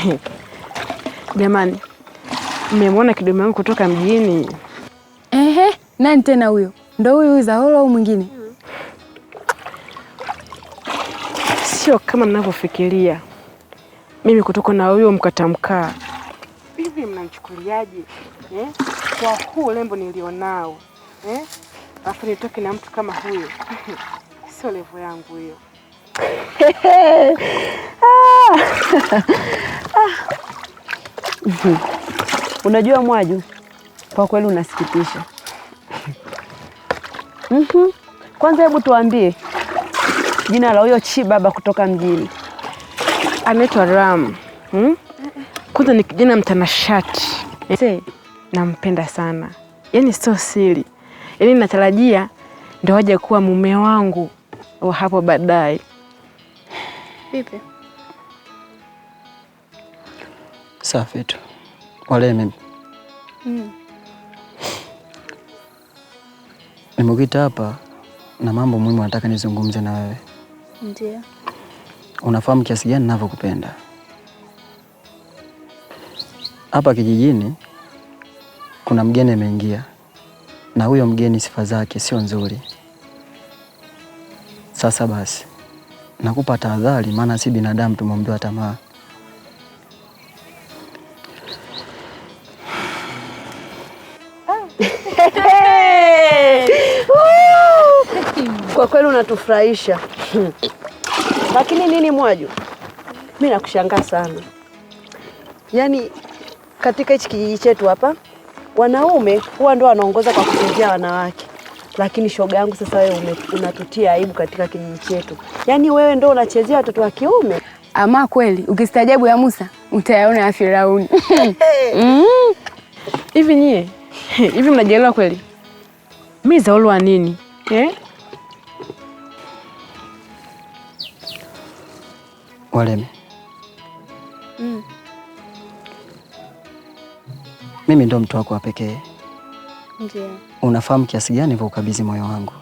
Jamani, mmemwona kidome wangu kutoka mjini? Ehe, nani tena huyo? Ndo huyu huyu Zaholo au mwingine? Sio kama ninavyofikiria mimi, kutoka na huyo mkatamkaa. Hivi mnamchukuliaje eh? Kwa huu lembo nilionao eh? Alafu nitoke na mtu kama huyo sio levo yangu hiyo. Ah. Unajua Mwaju, kwa kweli unasikitisha. Mhm. Kwanza hebu tuambie jina la huyo chi baba kutoka mjini. Anaitwa Ram. Hmm? Kwanza ni kijana mtanashati, nampenda sana, yaani sio siri, yaani natarajia ndo aje kuwa mume wangu wa hapo baadaye. Vipi? Safi tu wale mimi mm. Nimekuita hapa na mambo muhimu, nataka nizungumze na wewe. Ndio. Unafahamu kiasi gani ninavyokupenda. Hapa kijijini kuna mgeni ameingia, na huyo mgeni sifa zake sio nzuri. Sasa basi, nakupa tahadhari, maana si binadamu tumwombewa tamaa. Kwa kweli unatufurahisha lakini nini, Mwaju, mi nakushangaa sana. Yaani katika hichi kijiji chetu hapa wanaume huwa ndio wanaongoza kwa kuchezea wanawake, lakini shoga yangu sasa wewe unatutia aibu katika kijiji chetu. Yaani wewe ndio unachezea watoto wa kiume. Ama kweli ukistaajabu ya Musa utayaona ya Firauni. Mm. Hivi nyie hivi mnajielewa kweli? mi zaulwa nini eh? Waleme. Mm. Mimi ndo mtu wako wa pekee. Ndio. Unafahamu kiasi gani vya ukabidhi moyo wangu,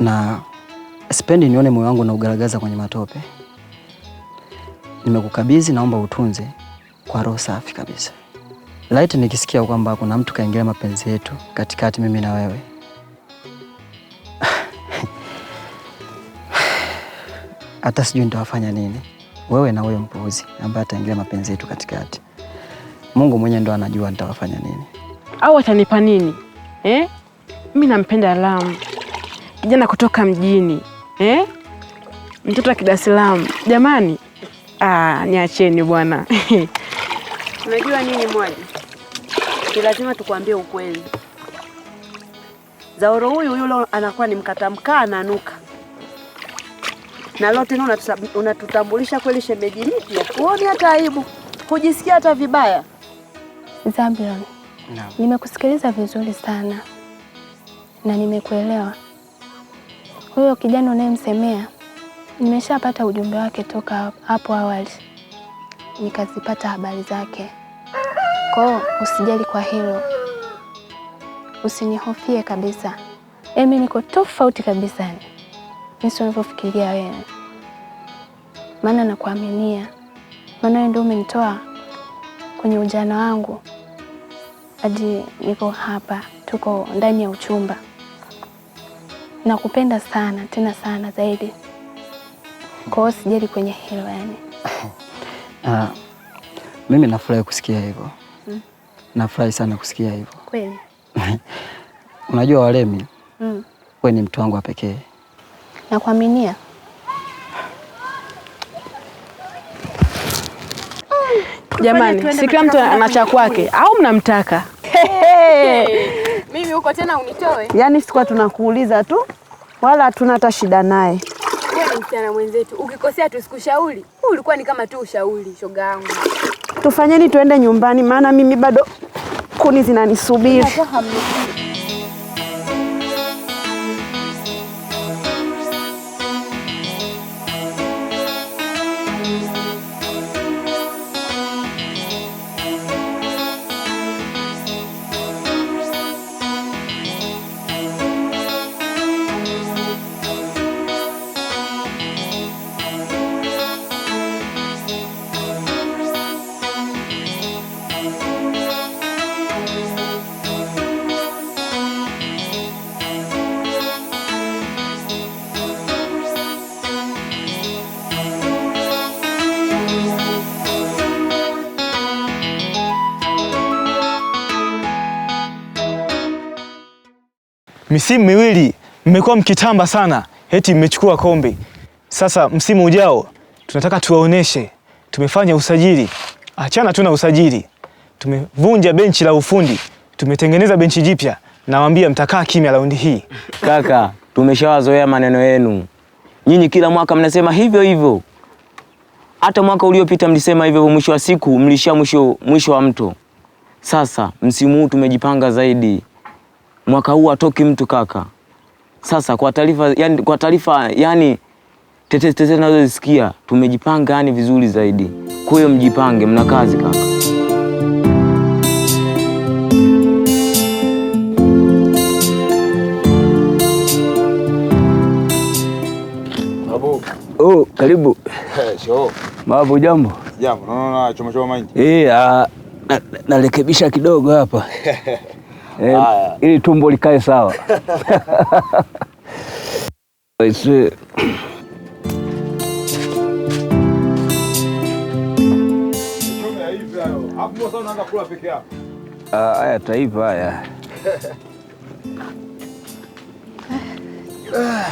na sipendi nione moyo wangu na ugaragaza kwenye matope. Nimekukabidhi, naomba utunze kwa roho safi kabisa. Laiti nikisikia kwamba kuna mtu kaingilia mapenzi yetu katikati, mimi na wewe hata sijui nitawafanya nini, wewe na huyo mpuuzi ambaye ataingilia mapenzi yetu katikati. Mungu mwenyewe ndo anajua nitawafanya nini au atanipa nini eh? Mimi nampenda Lamu, kijana kutoka mjini eh? mtoto wa Dar es Salaam jamani. Ah, niacheni bwana. Unajua nini Mwaji, ni lazima tukuambie ukweli. Zaoro huyu yule anakuwa ni mkata mkaa na leo tena unatutambulisha kweli shemeji mpya, huoni hata aibu, hujisikia hata vibaya? Zablon, nimekusikiliza vizuri sana na nimekuelewa. Huyo kijana unayemsemea nimeshapata ujumbe wake toka hapo awali, nikazipata habari zake. Koo, usijali kwa hilo, usinihofie kabisa. Emi, niko tofauti kabisa jinsi unavyofikiria wewe, maana nakuaminia, maana wewe ndio umenitoa kwenye ujana wangu hadi niko hapa, tuko ndani ya uchumba. Nakupenda sana tena sana zaidi, kwa hiyo sijali kwenye hilo yani. Ah, mimi nafurahi kusikia hivyo mm. Nafurahi sana kusikia hivyo kweli. Unajua Waremi, mm. wewe ni mtu wangu wa pekee Nakuaminia. Jamani, si kila mtu ana cha kwake au mnamtaka? Mimi huko tena unitoe? Yaani sikuwa tunakuuliza tu wala hatuna hata shida naye. Wewe msichana mwenzetu, ukikosea tusikushauri. Wewe ulikuwa ni kama tu ushauri, shoga yangu. Tufanyeni tuende nyumbani, maana mimi bado kuni zinanisubiri. Misimu miwili mmekuwa mkitamba sana, eti mmechukua kombe. Sasa msimu ujao tunataka tuwaoneshe tumefanya usajili. Achana tu na usajili, tumevunja benchi la ufundi, tumetengeneza benchi jipya. Nawaambia mtakaa kimya raundi hii. Kaka, tumeshawazoea maneno yenu nyinyi, kila mwaka mnasema hivyo hivyo. Hata mwaka uliopita mlisema hivyo, mwisho wa siku mlisha mwisho wa mto. Sasa msimu huu tumejipanga zaidi mwaka huu atoki mtu kaka. Sasa kwa taarifa yani, kwa taarifa yani tetesi tetesi nazozisikia, tumejipanga yani vizuri zaidi. Kwa hiyo mjipange, mna kazi kaka. Oh, karibu. Sho. jambo. Jambo. Naona choma choma maji. Eh, ah, narekebisha kidogo hapa e, ili tumbo likae sawa. Uh, ah, haya taifa haya ah.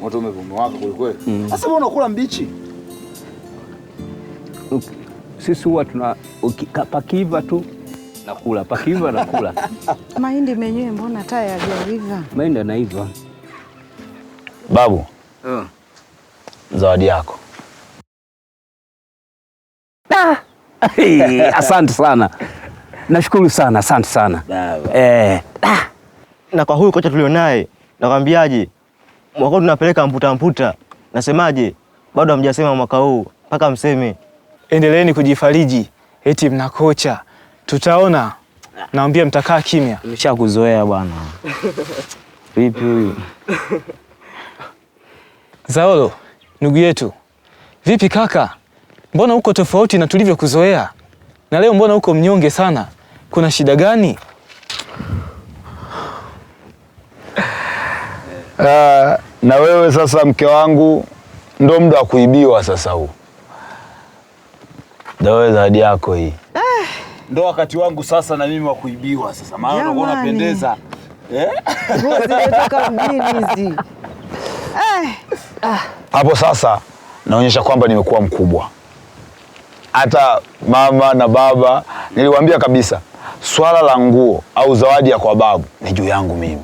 moto umevuma wako kweli kweli. Mm. Sasa mbona unakula mbichi? sisi huwa tuna pakiva tu nakula, pakiva nakula. mahindi menyewe mbona taya yajaiva? Mahindi yanaiva. Babu, uh, zawadi yako. asante sana, nashukuru sana, asante sana eh, ah. Na kwa huyu kocha tulionaye nakwambiaje, mwaka tunapeleka mputa mputa, nasemaje? Bado hamjasema mwaka huu, mpaka mseme endeleeni kujifariji, eti mna kocha, tutaona. Naambia mtakaa kimya, kuzoea bwana. Vipi huyu Zaolo, ndugu yetu? Vipi kaka, mbona uko tofauti na tulivyokuzoea? Na leo mbona uko mnyonge sana? Kuna shida gani? Uh, na wewe sasa, mke wangu, ndo muda wa kuibiwa sasa huu. Dawe zawadi yako hii. Eh. Ndo wakati wangu sasa na mimi wa kuibiwa sasa, maana ndo unapendeza. Eh? hizi. Eh. Ah. Hapo sasa naonyesha kwamba nimekuwa mkubwa. Hata mama na baba niliwaambia kabisa swala la nguo au zawadi ya kwa babu ni juu yangu mimi.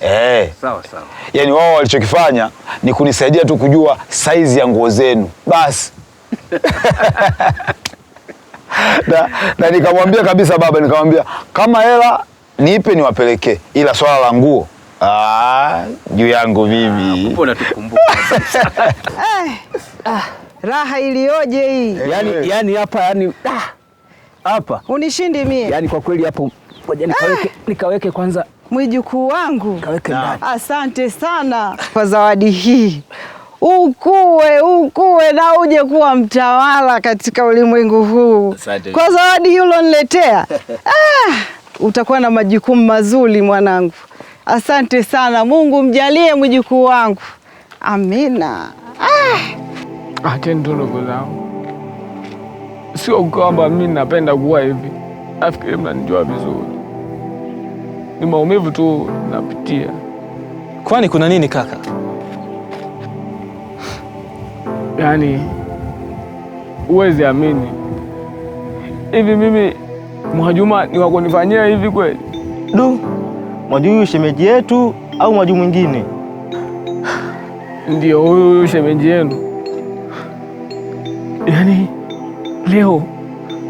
Eh. Sawa sawa. Yaani wao walichokifanya ni kunisaidia tu kujua saizi ya nguo zenu. Basi na, na nikamwambia kabisa baba, nikamwambia kama hela niipe niwapelekee, ila swala la nguo ah, juu yangu mimi. Ah, eh, ah, raha iliyoje hii! Eh, yani, eh. yani hapa yani hapa unishindi mie yani kwa kweli hapo ngoja nikaweke, nikaweke kwanza mwijukuu wangu Asante sana kwa zawadi hii ukue ukue na uje kuwa mtawala katika ulimwengu huu kwa zawadi uloniletea. Ah, utakuwa na majukumu mazuri mwanangu. Asante sana, Mungu mjalie mjukuu wangu. Amina. Ah, tu ndugu zangu, sio kwamba mi napenda kuwa hivi, nafikiri mnanijua vizuri, ni maumivu tu napitia. Kwani kuna nini kaka? Yaani huwezi amini, hivi mimi Mwajuma ni wakunifanyia hivi kweli? Du, Mwajuma huyu shemeji yetu au Mwajuma mwingine? Ndio huyu huyu shemeji yenu. Yaani leo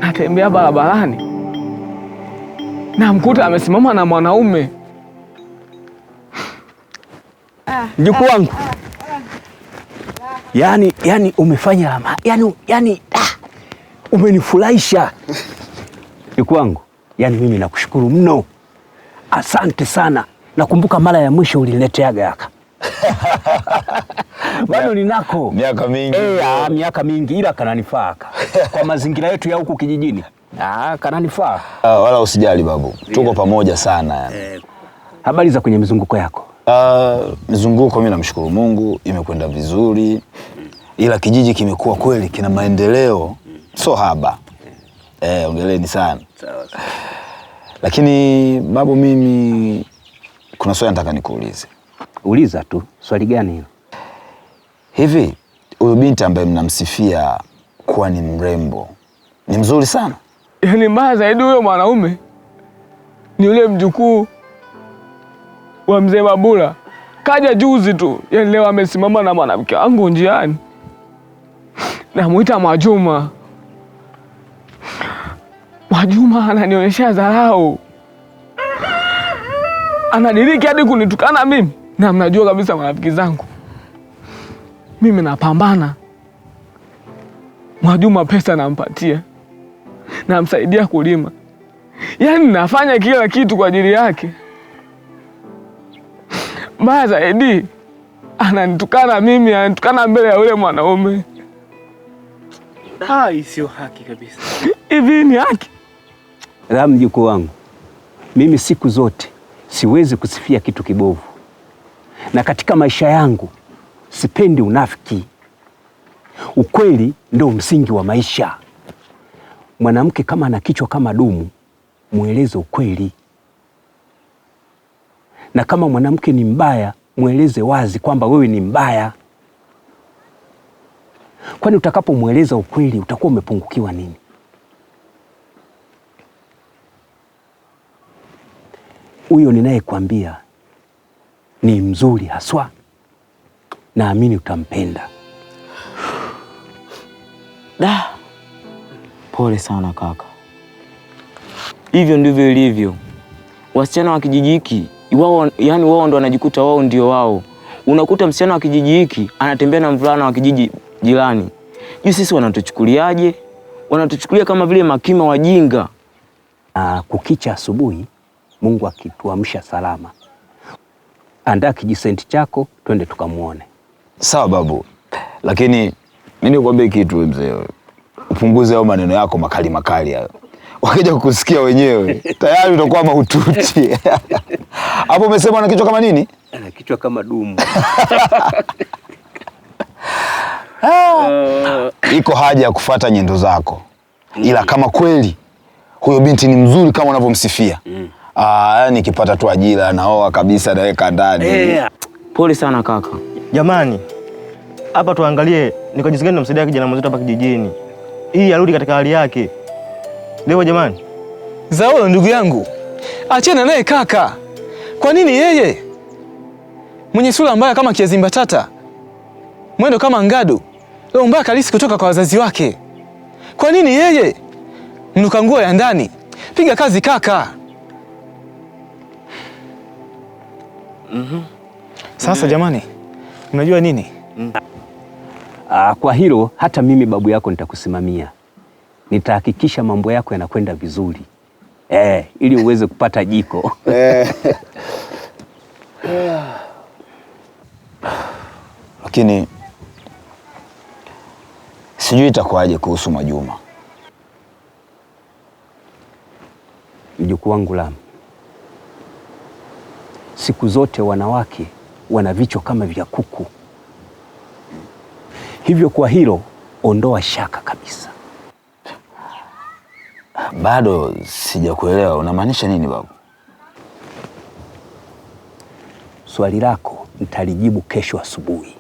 natembea barabarani namkuta amesimama na mwanaume. Ah, Mjukuu ah, wangu yani, yani umefanya yani, yani, ah, umenifurahisha yuku wangu, yani mimi nakushukuru mno, asante sana. Nakumbuka mara ya mwisho ulinileteaga yaka bado ninako miaka mingi, ea, eh, ah, miaka mingi ila kananifaa kwa mazingira yetu ya huku kijijini ah, kananifaa. Uh, wala usijali babu, tuko pamoja sana eh, habari za kwenye mizunguko yako? Uh, ah, mizunguko mimi namshukuru Mungu imekwenda vizuri, ila kijiji kimekuwa kweli kina maendeleo so haba eh, ongeleni sana lakini babu, mimi kuna swali nataka nikuulize. Uliza tu. Swali gani hilo? Hivi huyu binti ambaye mnamsifia kuwa ni mrembo ni mzuri sana, yaani mbaya zaidi huyo mwanaume ni yule mjukuu wa mzee Mabula kaja juzi tu, yani leo amesimama na mwanamke wangu njiani, namwita Mwajuma. Mwajuma ananionyesha dharau, anadiriki hadi kunitukana mimi, na mnajua kabisa marafiki zangu mimi napambana. Mwajuma pesa nampatia, namsaidia kulima, yani nafanya kila kitu kwa ajili yake mbaya zaidi ananitukana mimi, ananitukana mbele ya yule mwanaume. Hai, sio haki kabisa. Hivi ni haki? La, mjukuu wangu, mimi siku zote siwezi kusifia kitu kibovu, na katika maisha yangu sipendi unafiki. Ukweli ndio msingi wa maisha. Mwanamke kama ana kichwa kama dumu, mweleze ukweli na kama mwanamke ni mbaya, mweleze wazi kwamba wewe ni mbaya, kwani utakapomweleza ukweli utakuwa umepungukiwa nini? Huyo ninayekwambia ni mzuri haswa, naamini utampenda. Da, pole sana kaka, hivyo ndivyo ilivyo wasichana wa kijiji hiki wao, yani wao ndo wanajikuta wao ndio wao. Unakuta msichana wa kijiji hiki anatembea na mvulana wa kijiji jirani, juu sisi wanatuchukuliaje? Wanatuchukulia kama vile makima wajinga. Na ah, kukicha asubuhi, Mungu akituamsha salama, andaa kijisenti chako twende tukamwone. Sawa babu, lakini mimi nikwambie kitu mzee, upunguze au maneno yako makali makali hayo wakija kukusikia wenyewe tayari utakuwa mahututi hapo. Umesema na kichwa kama nini? Ana kichwa kama dumu. Uh, iko haja ya kufuata nyendo zako, ila mm. kama kweli huyo binti ni mzuri kama unavyomsifia mm. Ah, yaani nikipata tu ajira naoa kabisa, naweka ndani yeah. Pole sana kaka. Jamani, hapa tuangalie ni kwa jinsi gani tunamsaidia kijana mwenzetu hapa kijijini ili arudi katika hali yake. Leo jamani, Zaulo ndugu yangu, achana naye kaka. Kwa nini yeye mwenye sura mbaya kama kiazi mbatata, mwendo kama ngadu roho mbaya kalisi kutoka kwa wazazi wake? Kwa nini yeye mnuka nguo ya ndani? Piga kazi kaka. mm -hmm. Sasa jamani, mnajua nini? mm. Aa, ah, kwa hilo hata mimi babu yako nitakusimamia nitahakikisha mambo yako yanakwenda vizuri eh, ili uweze kupata jiko eh. lakini sijui itakuwaje kuhusu Mwajuma, mjukuu wangu Lamu. Siku zote wanawake wana vichwa kama vya kuku, hivyo kwa hilo ondoa shaka kabisa. Bado sijakuelewa, unamaanisha nini babu? Swali lako nitalijibu kesho asubuhi.